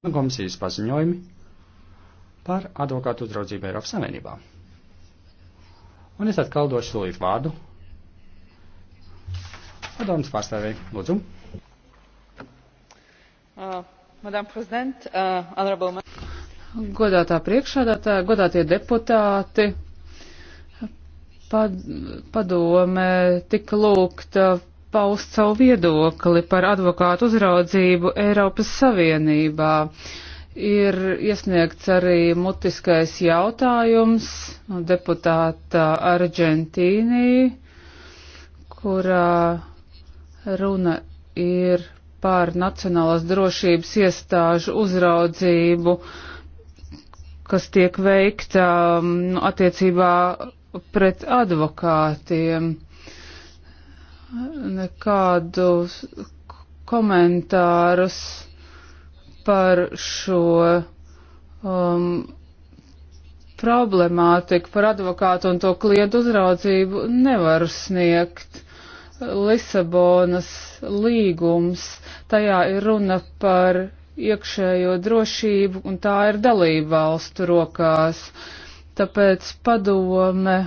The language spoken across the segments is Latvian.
un komisijas paziņojumi par advokātu uzraudzību Eiropas Savienībā. Un es atkal došu solīt vārdu. Padomas pārstāvēji, lūdzu. Uh, Madam President, uh, Honorable Man. Godātā priekšādātā, godātie deputāti, pad, padome tik lūgta paust savu viedokli par advokātu uzraudzību Eiropas Savienībā. Ir iesniegts arī mutiskais jautājums no deputāta Argentīnī, kurā runa ir par Nacionālās drošības iestāžu uzraudzību, kas tiek veikta mm, attiecībā pret advokātiem nekādu komentārus par šo um, problemātiku, par advokātu un to kliedu uzraudzību nevaru sniegt. Lisabonas līgums, tajā ir runa par iekšējo drošību un tā ir dalība valstu rokās. Tāpēc padome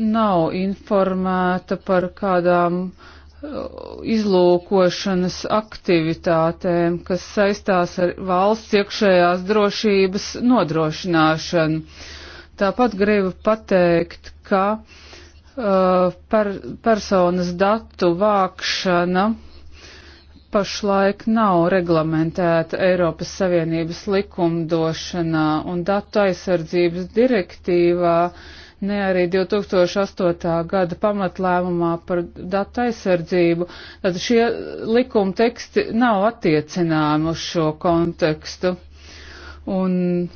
nav informēta par kādām uh, izlūkošanas aktivitātēm, kas saistās ar valsts iekšējās drošības nodrošināšanu. Tāpat gribu pateikt, ka uh, per, personas datu vākšana pašlaik nav reglamentēta Eiropas Savienības likumdošanā un datu aizsardzības direktīvā uh, ne arī 2008. gada pamatlēmumā par datu aizsardzību. Tad šie likuma teksti nav attiecināmi uz šo kontekstu. Un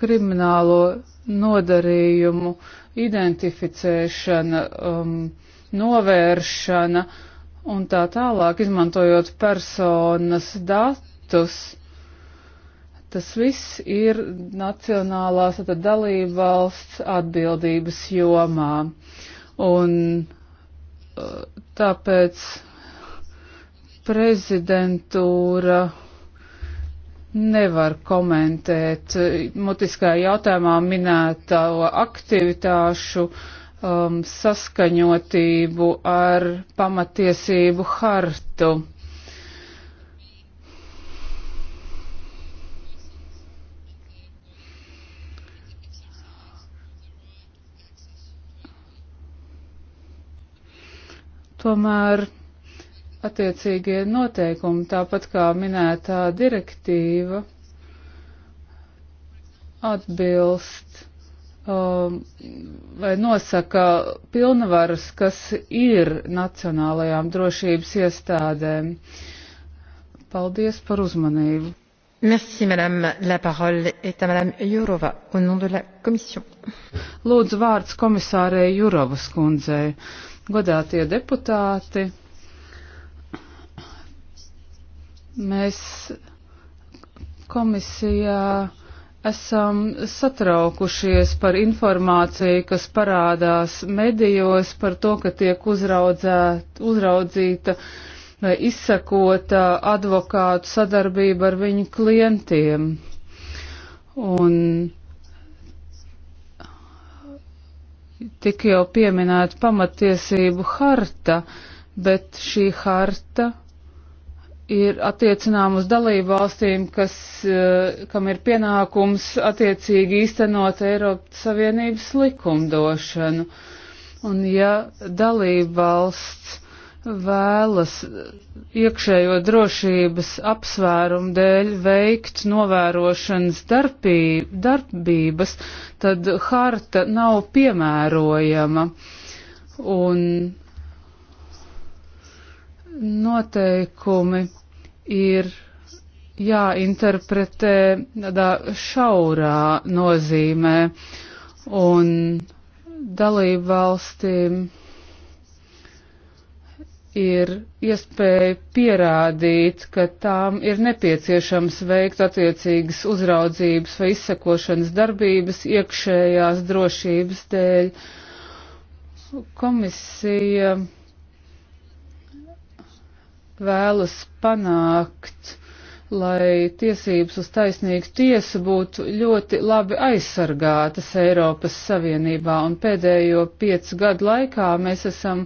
kriminālo nodarījumu identificēšana, um, novēršana, un tā tālāk, izmantojot personas datus, aktus. Tas viss ir nacionālās dalība valsts atbildības jomā. Un uh, tāpēc prezidentūra nevar komentēt uh, mutiskā jautājumā minēto aktivitāšu um, saskaņotību ar pamatiesību hartu. Tomēr attiecīgie noteikumi, tāpat kā minētā direktīva, atbilst um, vai nosaka pilnvaras, kas ir nacionālajām drošības iestādēm. Paldies par uzmanību. Merci, madame. La parole est à madame Jourova, au nom de la commission. Lūdzu vārds komisārei Jurovas kundzei. Uh, godātie deputāti, mēs komisijā esam satraukušies par informāciju, kas parādās medijos par to, ka tiek uzraudzēt, uzraudzīta vai izsakota advokātu sadarbība ar viņu klientiem. Un tik jau pieminēta pamatiesību harta, bet šī harta ir attiecinām uz dalību valstīm, kas, eh, kam ir pienākums attiecīgi īstenot Eiropas Savienības likumdošanu. Un ja dalība valsts vēlas iekšējo drošības apsvērumu dēļ veikt novērošanas darbī, darbības, tad harta nav piemērojama. Un noteikumi ir jāinterpretē tādā šaurā nozīmē un dalību valstīm ir iespēja pierādīt, ka tām ir nepieciešams veikt attiecīgas uzraudzības vai izsekošanas darbības iekšējās drošības dēļ. Komisija vēlas panākt lai tiesības uz taisnīgu tiesu būtu ļoti labi aizsargātas Eiropas Savienībā, un pēdējo piecu gadu laikā mēs esam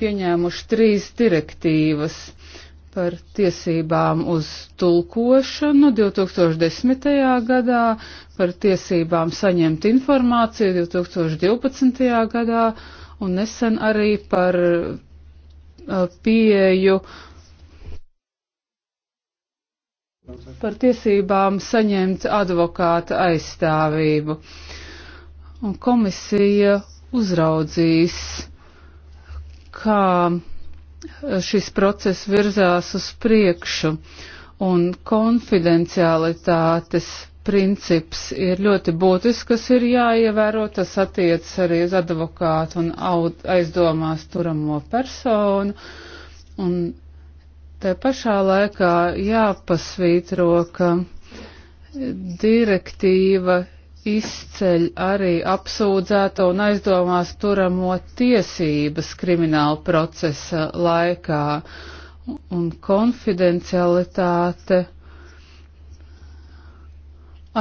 pieņēmuši trīs direktīvas par tiesībām uz tulkošanu 2010. gadā, par tiesībām saņemt informāciju 2012. gadā, un nesen arī par uh, pieju uh, par tiesībām saņemt advokāta aizstāvību. Un komisija uzraudzīs, kā šis process virzās uz priekšu, un konfidencialitātes princips ir ļoti būtisks, kas ir jāievēro, tas attiec arī uz advokātu un aizdomās turamo personu. Un Te pašā laikā jāpasvītro, ka direktīva izceļ arī apsūdzēto un aizdomās turamo tiesības krimināla procesa laikā un konfidencialitāte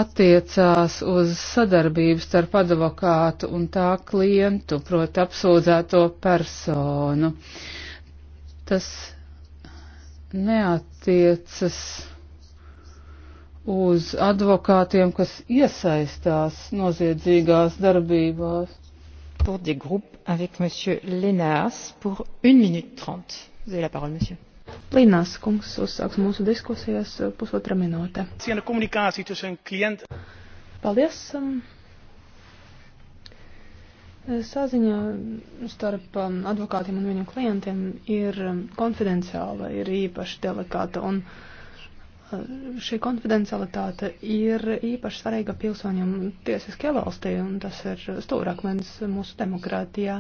attiecās uz sadarbību starp advokātu un tā klientu, proti apsūdzēto personu. Tas neatiecas uz advokātiem, kas iesaistās noziedzīgās darbībās. Pour des groupes avec monsieur Lenars pour 1 minute 30. Vous avez la parole, monsieur. Līnās kungs uzsāks mūsu diskusijas eh, pusotra minūte. Ciena komunikācija tussen klienta. Paldies. Um, Saziņa starp um, advokātiem un viņu klientiem ir um, konfidenciāla, ir īpaši delikāta, un uh, šī konfidencialitāte ir īpaši svarīga pilsoņiem tiesiskajā valstī, un tas ir stūrakmens mūsu demokrātijā.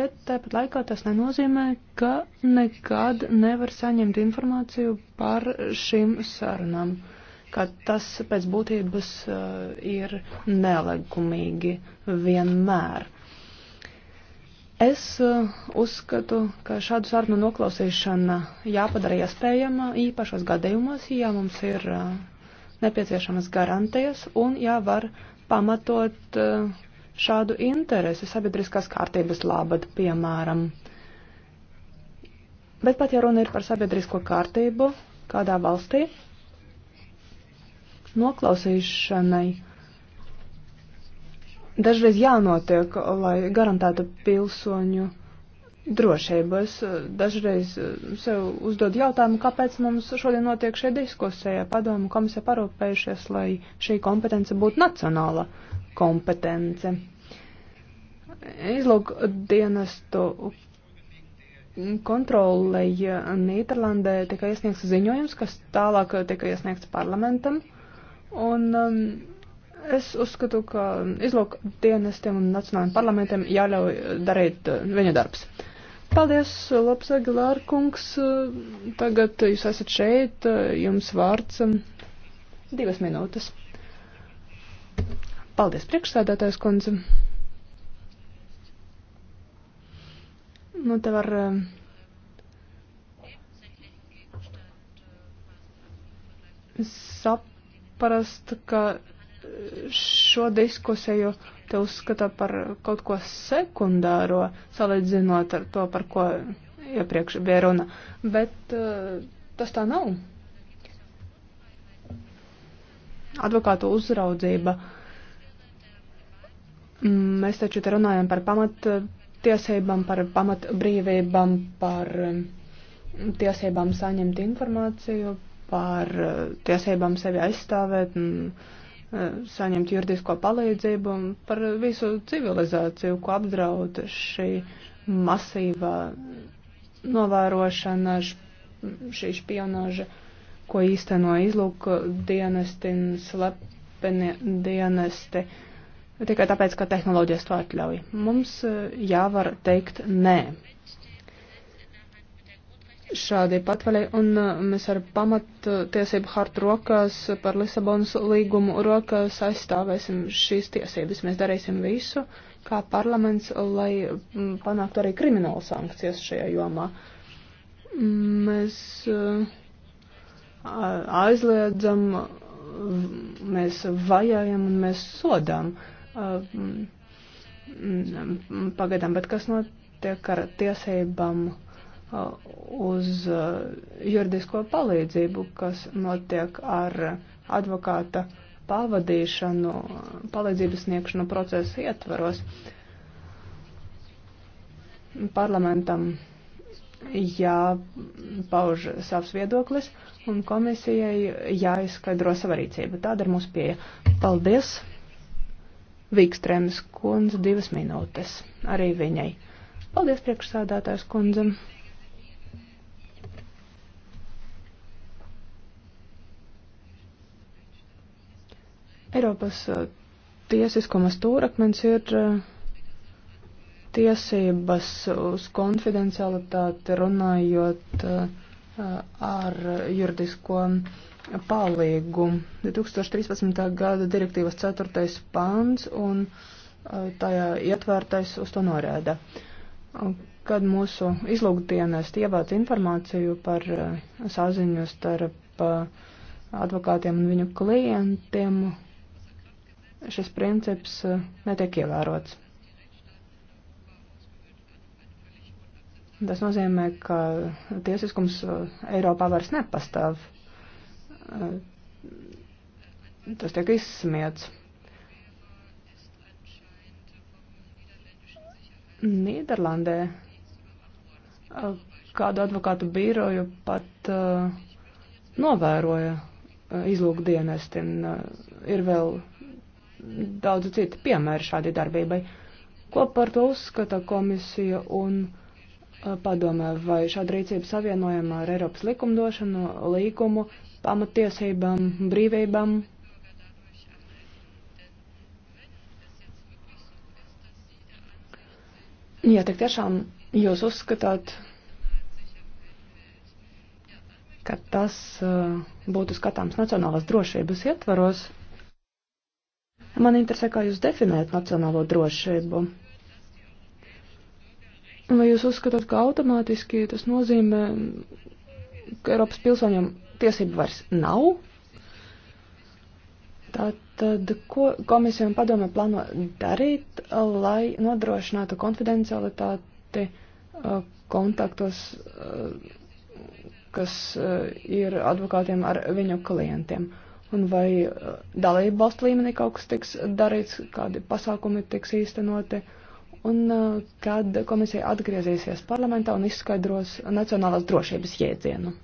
Bet tāpat laikā tas nenozīmē, ka nekad nevar saņemt informāciju par šīm sarunām. Uh, ka tas pēc būtības eh, ir nelegumīgi vienmēr. Es eh, uzskatu, ka šādu sarunu noklausīšana jāpadara iespējama īpašos gadījumos, ja mums ir eh, nepieciešamas garantijas un ja var pamatot šādu interesi sabiedriskās kārtības labad, piemēram. Bet pat ja runa ir par sabiedrisko kārtību kādā valstī, noklausīšanai dažreiz jānotiek, lai garantētu pilsoņu drošību. Es eh, dažreiz eh, sev uzdod jautājumu, kāpēc mums šodien notiek šī diskusija. Padomu komisija parūpējušies, lai šī kompetence būtu nacionāla kompetence. Izlūk dienestu kontrolei Nīderlandē tika iesniegts ziņojums, kas tālāk tika iesniegts parlamentam. Uh, Un um, es uzskatu, ka izlūk dienestiem un nacionālajiem parlamentiem jāļauj uh, darīt uh, viņa darbs. Paldies, labs Agilārkungs. Uh, tagad jūs esat šeit, uh, jums vārds um, divas minūtes. Paldies, priekšsēdētājs kundze. Nu, te var. Um, sap saprast, ka e, šo diskusiju te uzskata par kaut ko sekundāro, salīdzinot ar to, par ko iepriekš bija runa. Bet e, tas tā nav. Advokātu uzraudzība. Mēs taču te runājam par pamat tiesībām, par pamat brīvībām, par e, tiesībām saņemt informāciju, par eh, tiesībām sevi aizstāvēt un eh, saņemt juridisko palīdzību un par visu civilizāciju, ko apdraud šī masīvā novērošana, šī špionāža, ko īsteno izlūk dienesti un slepeni dienesti. Tikai tāpēc, ka tehnoloģijas to atļauj. Mums eh, jāvar teikt nē šādi patvaļai, un uh, mēs ar pamattiesību hartu rokās par Lisabonas līgumu rokās aizstāvēsim šīs tiesības. Mēs darīsim visu, kā parlaments, lai mm, panāktu arī kriminālu sankcijas šajā jomā. Mēs uh, aizliedzam, mēs vajājam un mēs sodām uh, mm, mm, pagaidām, bet kas notiek ar tiesībām? Uh, uz uh, juridisko palīdzību, kas notiek ar advokāta pavadīšanu, palīdzības sniegšanu procesa ietvaros. Parlamentam jāpauž savs viedoklis un komisijai jāizskaidro sava rīcība. Tāda ir mūsu pieeja. Paldies! Vīkstrēmas kundze divas minūtes arī viņai. Paldies priekšsādātājs kundzam! Eiropas uh, tiesiskuma stūrakmens ir uh, tiesības uz konfidencialitāti runājot uh, ar juridisko palīgu. 2013. gada direktīvas 4. pāns un tajā ietvērtais uz to norēda. Kad mūsu izlūgdienas ievāc informāciju par saziņu starp advokātiem un viņu klientiem, šis princips eh, netiek ievērots. Tas nozīmē, ka tiesiskums eh, Eiropā vairs nepastāv. Eh, tas tiek izsmiets. Nīderlandē kādu advokātu biroju pat novēroja izlūkdienesti. Ir vēl daudz citu piemēru šādai darbībai. Ko par to uzskata komisija un uh, padomē, vai šāda rīcība savienojama ar Eiropas likumdošanu, līgumu, pamatiesībām, brīvībām? Ja tik tiešām jūs uzskatāt, ka tas uh, būtu skatāms nacionālās drošības ietvaros, Man interesē, kā jūs definējat nacionālo drošību. Vai jūs uzskatāt, ka automātiski tas nozīmē, ka Eiropas pilsoņiem tiesību vairs nav? Tātad, ko komisija un padome plāno darīt, lai nodrošinātu konfidencialitāti uh, kontaktos, uh, kas uh, ir advokātiem ar viņu klientiem? Uh, un vai eh, dalību valstu līmenī kaut kas tiks darīts, kādi pasākumi tiks īstenoti, un eh, kad komisija atgriezīsies parlamentā un izskaidros nacionālās drošības jēdzienu.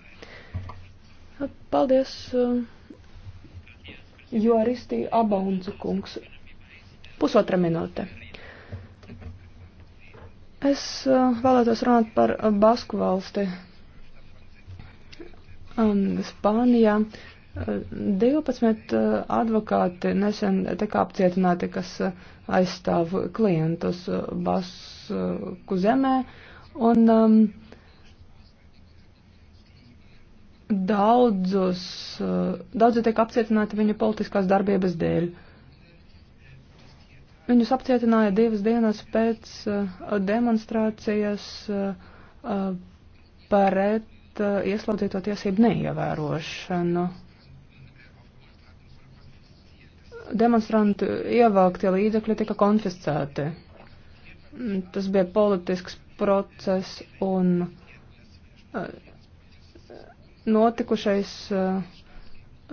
Paldies, eh, jo arī stī abauncu kungs. Pusotra minūte. Es vēlētos runāt par Basku valsti. Um, Spānijā 12 eh, advokāti nesen tika apcietināti, kas eh, aizstāv klientus eh, Basku zemē, un um, daudzus, daudzi tiek apcietināti viņa politiskās darbības dēļ. Viņus apcietināja divas dienas pēc demonstrācijas pret ieslodzīto tiesību neievērošanu demonstrantu ievāktie līdzekļi tika konfiscēti. Tas bija politisks process un eh, notikušais eh,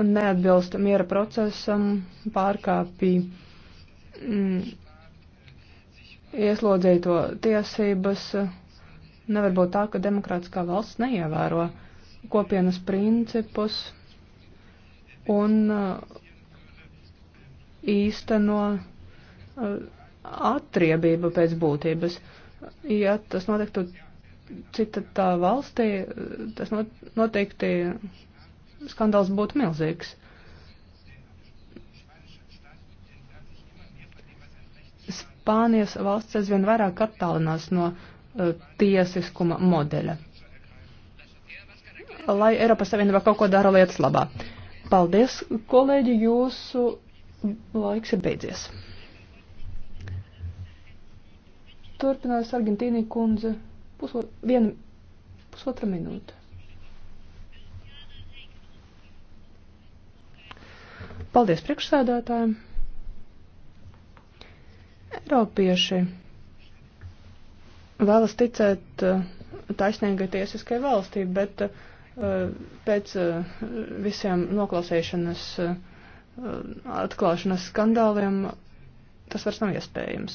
neatbilst miera procesam, pārkāpīja mm, ieslodzīto tiesības. Nevar būt tā, ka demokrātiskā valsts neievēro kopienas principus un uh, īsteno uh, atriebību pēc būtības. Ja tas notiktu cita tā valstī, uh, tas noteikti skandāls būtu milzīgs. Spānijas valsts aizvien vairāk attālinās no uh, tiesiskuma modeļa. Lai Eiropas Savienība kaut ko dara lietas labā. Paldies, kolēģi, jūsu Laiks ir beidzies. Turpinās Argentīnī kundze puso, viena, pusotra minūte. Paldies priekšsēdētājiem. Eiropieši vēlas ticēt uh, taisnīgai tiesiskai valstī, bet uh, pēc uh, visiem noklausīšanas uh, Uh, atklāšanas skandāliem, tas vairs nav iespējams.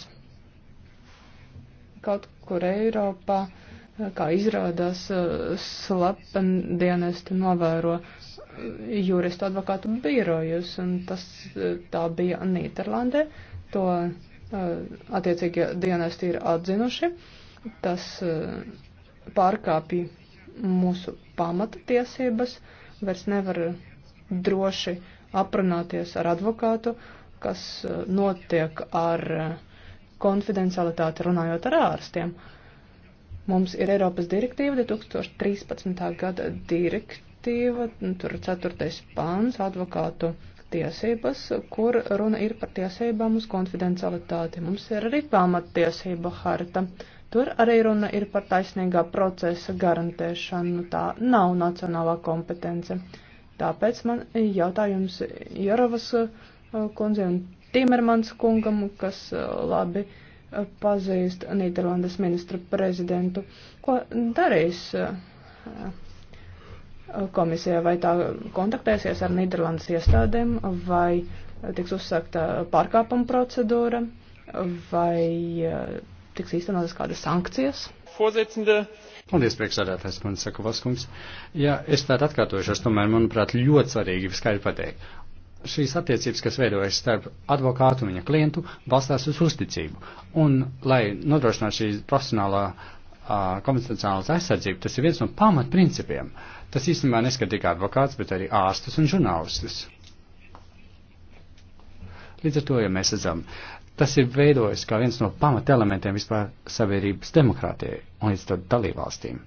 Kaut kur Eiropā, uh, kā izrādās, uh, slependienesti novēro juristu advokātu birojus, un tas tā bija Nīderlandē. To attiecīgie dienesti ir atzinuši. Tas pārkāpj mūsu pamata tiesības, vairs nevar droši uh, aprunāties ar advokātu, kas eh, notiek ar eh, konfidencialitāti runājot ar ārstiem. Mums ir Eiropas direktīva, 2013. gada direktīva, tur ir 4. pāns advokātu tiesības, kur runa ir par tiesībām uz konfidencialitāti. Mums ir arī pamattiesība harta. Tur arī runa ir par taisnīgā procesa garantēšanu. Tā nav nacionālā kompetence. Tāpēc man jautājums Jarovas uh, kundzei un Timermans kungam, kas uh, labi uh, pazīst Nīderlandes ministru prezidentu. Ko darīs komisija? Vai tā kontaktēsies ar Nīderlandes iestādēm, vai tiks uzsākta pārkāpuma procedūra, vai tiks īstenotas kādas sankcijas? Vorsitzende, Paldies, priekšsādātājs, man saka Vaskungs. Jā, es tādu atkārtošos, tomēr, manuprāt, ļoti svarīgi skaidri pateikt. Šīs attiecības, kas veidojas starp advokātu un viņa klientu, balstās uz uzticību. Un, lai nodrošinātu šīs profesionālā konvencionālās aizsardzību, tas ir viens no pamatprincipiem. Tas īstenībā neskat tikai advokāts, bet arī ārstus un žurnālistus. Līdz ar to, ja mēs redzam Tas ir veidojis kā viens no pamatelementiem vispār sabiedrības demokrātijai un līdz to dalībvalstīm.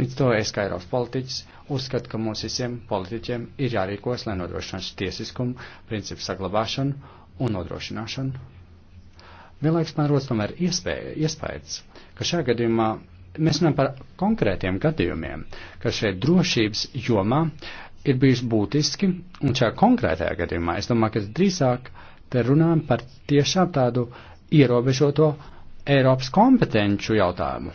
Līdz to es kā Eiropas politiķis uzskatu, ka mums visiem politiķiem ir jārīkos, lai nodrošinātu tiesiskumu, principu saglabāšanu un nodrošināšanu. Vienlaiks man rodas tomēr iespēja, iespējas, ka šajā gadījumā mēs runājam par konkrētiem gadījumiem, ka šeit drošības jomā ir bijis būtiski, un šajā konkrētajā gadījumā es domāju, ka drīzāk Te runājam par tiešām tādu ierobežoto Eiropas kompetenču jautājumu.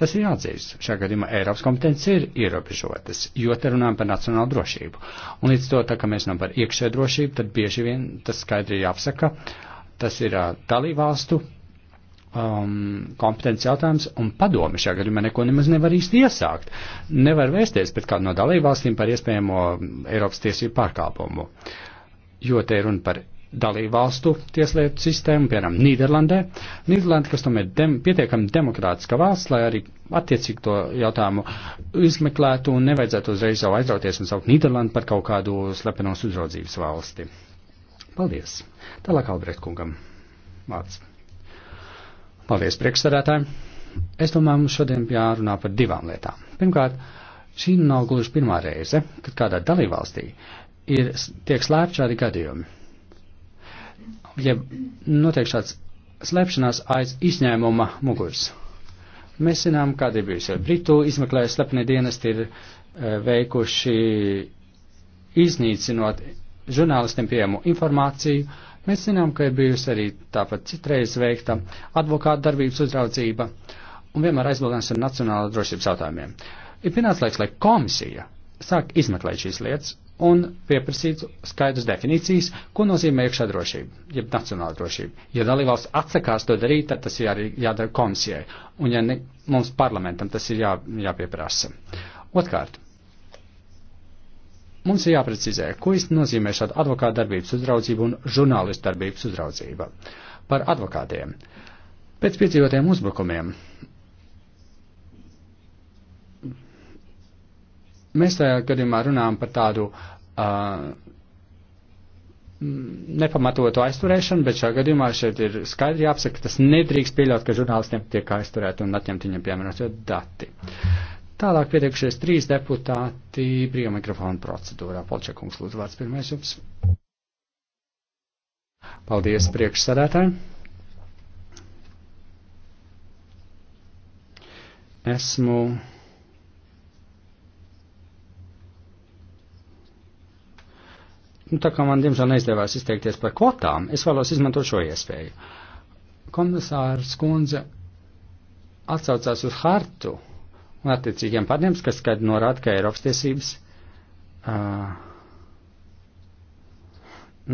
Tas ir jāatzīst. Šajā gadījumā Eiropas kompetences ir ierobežotas, jo te runājam par nacionālu drošību. Un līdz to, tā kā mēs runājam par iekšē drošību, tad bieži vien tas skaidri jāapsaka. Tas ir uh, dalībvalstu um, kompetences jautājums, un padomi šajā gadījumā neko nemaz nevar īsti iesākt. Nevar vēsties pret kādu no dalībvalstīm par iespējamo Eiropas tiesību pārkāpumu, jo te ir runa par dalību valstu tieslietu sistēmu, piemēram, Nīderlandē. Nīderlanda, kas tomēr dem, pietiekami demokrātiska valsts, lai arī attiecīgi to jautājumu izmeklētu un nevajadzētu uzreiz jau aizrauties un saukt Nīderlandu par kaut kādu slepenos uzraudzības valsti. Paldies. Tālāk Albrecht kungam. Vārds. Paldies, priekšsarētāji. Es domāju, mums šodien jārunā par divām lietām. Pirmkārt, šī nav gluži pirmā reize, kad kādā dalībvalstī ir tiek slēpti šādi gadījumi ja notiek šāds slēpšanās aiz izņēmuma muguras. Mēs zinām, kāda ir bijusi Britu izmeklēja slepeni dienesti ir e, veikuši iznīcinot žurnālistiem pieejamu informāciju. Mēs zinām, ka ir bijusi arī tāpat citreiz veikta advokāta darbības uzraudzība un vienmēr aizbildnēs ar nacionālo drošības jautājumiem. Ir pienācis laiks, lai komisija sāk izmeklēt šīs lietas un pieprasītu skaidrs definīcijas, ko nozīmē iekšā drošība, jeb nacionāla drošība. Ja dalībvalsts atsakās to darīt, tad tas ir arī jādara komisijai, un ja ne, mums parlamentam tas ir jā, jāpieprasa. Otkārt, mums ir jāprecizē, ko īsti nozīmē šāda advokāta darbības uzraudzība un žurnālistu darbības uzraudzība. Par advokātiem. Pēc piedzīvotiem uzbrukumiem Mēs tajā gadījumā runājam par tādu uh, nepamatotu aizturēšanu, bet šajā gadījumā šeit ir skaidri jāapsaka, ka tas nedrīkst pieļaut, ka žurnālistiem tiek aizturēti un atņemti viņam piemērotie dati. Tālāk pietiekušies trīs deputāti brīvā mikrofona procedūrā. Polčakungs, lūdzu, vārds pirmais jums. Paldies priekšsarētāji. Esmu Nu, tā kā man, diemžēl, neizdevās izteikties par kvotām, es vēlos izmantot šo iespēju. Komisārs Kundze atsaucās uz hartu un attiecīgiem pārņems, kas skaidri norāda, ka Eiropas tiesības uh,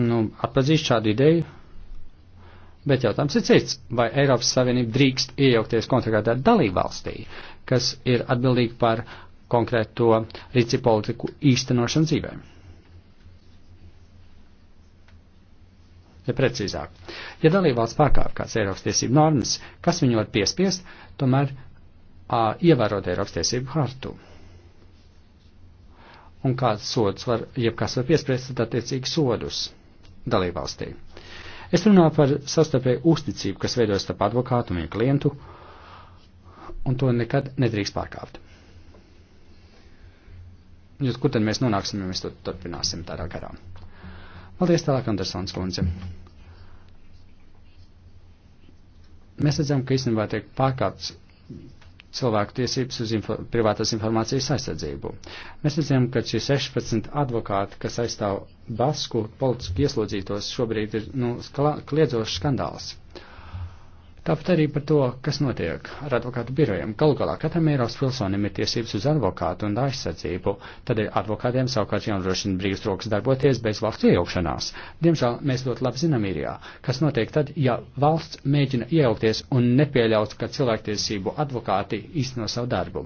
nu, atpazīst šādu ideju, bet jautājums ir cits. Vai Eiropas Savienība drīkst iejaukties konkrētā dalībvalstī, kas ir atbildīga par konkrēto rīci politiku īstenošanu dzīvēm? Ja precīzāk, ja dalībvalsts pārkāpj kāds Eiropas tiesību normas, kas viņu var piespiest, tomēr ā, ievērot Eiropas tiesību hartu? Un kāds sods var, jebkas var piespriest, tad attiecīgi sodus dalībvalstī. Es runāju par sastarpēju uzticību, kas veidojas starp advokātu un klientu, un to nekad nedrīkst pārkāpt. Jūs, kur tad mēs nonāksim, ja mēs to turpināsim tādā garā? Paldies tālāk, Andersons kundze. Mēs redzam, ka īstenībā tiek pārkāpts cilvēku tiesības uz info, privātās informācijas aizsardzību. Mēs redzam, ka šie 16 advokāti, kas aizstāv Basku politisku ieslodzītos, šobrīd ir nu, kliedzošs skandāls. Tāpat arī par to, kas notiek ar advokātu birojiem. Galu galā katram Eiropas pilsonim ir tiesības uz advokātu un aizsardzību, tad ir advokātiem savukārt jānodrošina brīvs rokas darboties bez valsts iejaukšanās. Diemžēl mēs ļoti labi zinām īrijā, kas notiek tad, ja valsts mēģina iejaukties un nepieļaut, ka cilvēktiesību advokāti īsteno savu darbu.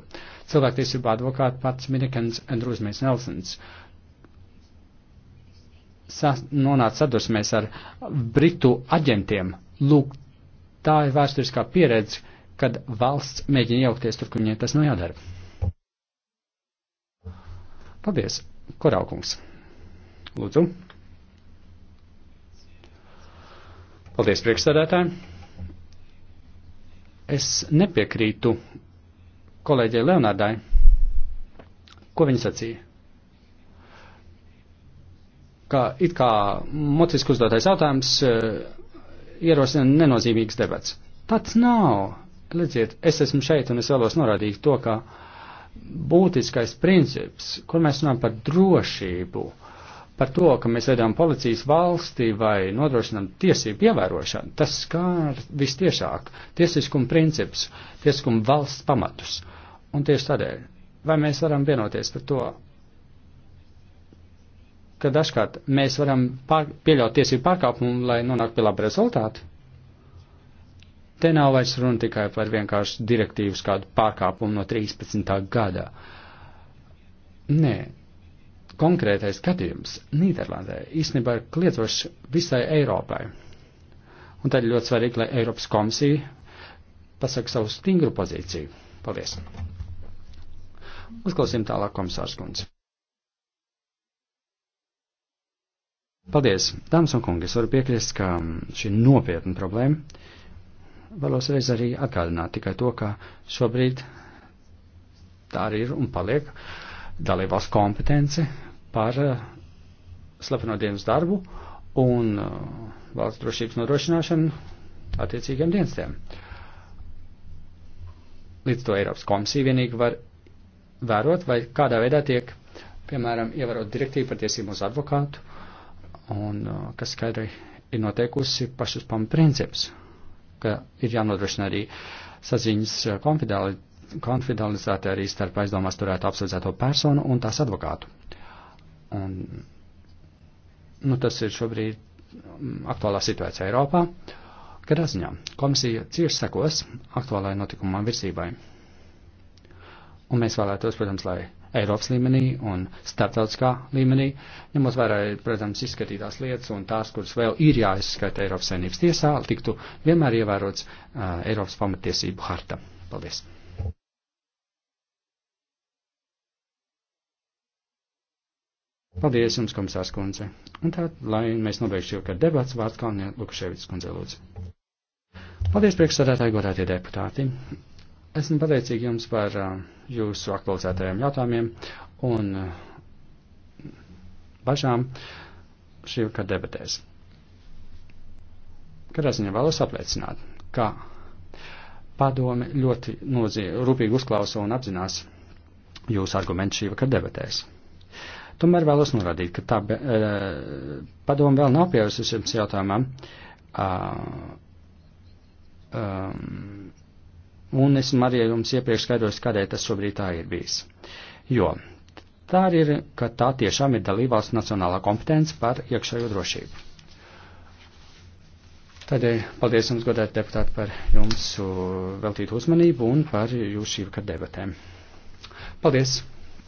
Cilvēktiesību advokāti pats Minikens Andrūs Mēs Nelsons nonāca sadursmēs ar Britu aģentiem. Lūk, Tā ir vēsturiskā pieredze, kad valsts mēģina jaukties tur, kur viņai tas nav jādara. Paldies, Koraukungs. Lūdzu. Paldies, priekšsēdētāji. Es nepiekrītu kolēģei Leonardai. Ko viņa sacīja? Ka it kā mocisku uzdotais jautājums ierosina nenozīmīgs debats. Tāds nav. Ledziet, es esmu šeit un es vēlos norādīt to, ka būtiskais princips, kur mēs runājam par drošību, par to, ka mēs veidām policijas valstī vai nodrošinām tiesību ievērošanu, tas skār vistiešāk tiesiskuma princips, tiesiskuma valsts pamatus. Un tieši tādēļ, vai mēs varam vienoties par to, ka dažkārt mēs varam pār, pieļaut tiesību pārkāpumu, lai nonāktu pie laba rezultāta. Te nav vairs runa tikai par vienkārši direktīvas kādu pārkāpumu no 13. gadā. Nē, konkrētais skatījums Nīderlandē īstenībā ir kliedzošs visai Eiropai. Un tad ir ļoti svarīgi, lai Eiropas komisija pasaka savu stingru pozīciju. Paldies! Uzklausīsim tālāk komisārs kundzi. Paldies, dāmas un kungi, es varu piekrist, ka mm, šī nopietna problēma. Vēlos reiz arī atgādināt tikai to, ka šobrīd tā arī ir un paliek dalībās kompetence par eh, slepeno dienas darbu un eh, valsts drošības nodrošināšanu attiecīgiem dienestiem. Līdz to Eiropas komisija vienīgi var vērot, vai kādā veidā tiek, piemēram, ievarot direktīvu par tiesību uz advokātu un uh, kas skaidri ir noteikusi pašus pamatprincips, ka ir jānodrošina arī saziņas uh, konfideli, konfidencialitāte arī starp aizdomās turētu apsūdzēto personu un tās advokātu. Un, nu, tas ir šobrīd mm, aktuālā situācija Eiropā. Katrā ziņā komisija cieši sekos aktuālajai notikumā virsībai. Un mēs vēlētos, protams, lai Eiropas līmenī un starptautiskā līmenī, ņemot vērā, protams, izskatītās lietas un tās, kuras vēl ir jāizskata Eiropas saimnības tiesā, tiktu vienmēr ievērots uh, Eiropas pamatiesību harta. Paldies! Paldies jums, komisārs kundze. Un tā, lai mēs nobeigšu jau, ka debats vārds Kalniņa Lukaševits kundze lūdzu. Paldies, priekšsādātāji, godātie deputāti. Esmu pateicīgi jums par jūsu aktualizētajiem jautājumiem un bažām šī vakar debatēs. Katrā ziņā vēlos apliecināt, ka padome ļoti nozie, rūpīgi uzklausa un apzinās jūsu argumentu šī vakar debatēs. Tomēr vēlos norādīt, ka tā e, padoma vēl nav pievērsusies jautājumam. E, um, Un es arī jums iepriekš skaidroju, kādēļ tas šobrīd tā ir bijis. Jo tā ir, ka tā tiešām ir dalībvalsts nacionālā kompetence par iekšējo drošību. Tādēļ paldies jums, godēt deputāti, par jums uh, veltītu uzmanību un par jūsu šī vakar debatēm. Paldies!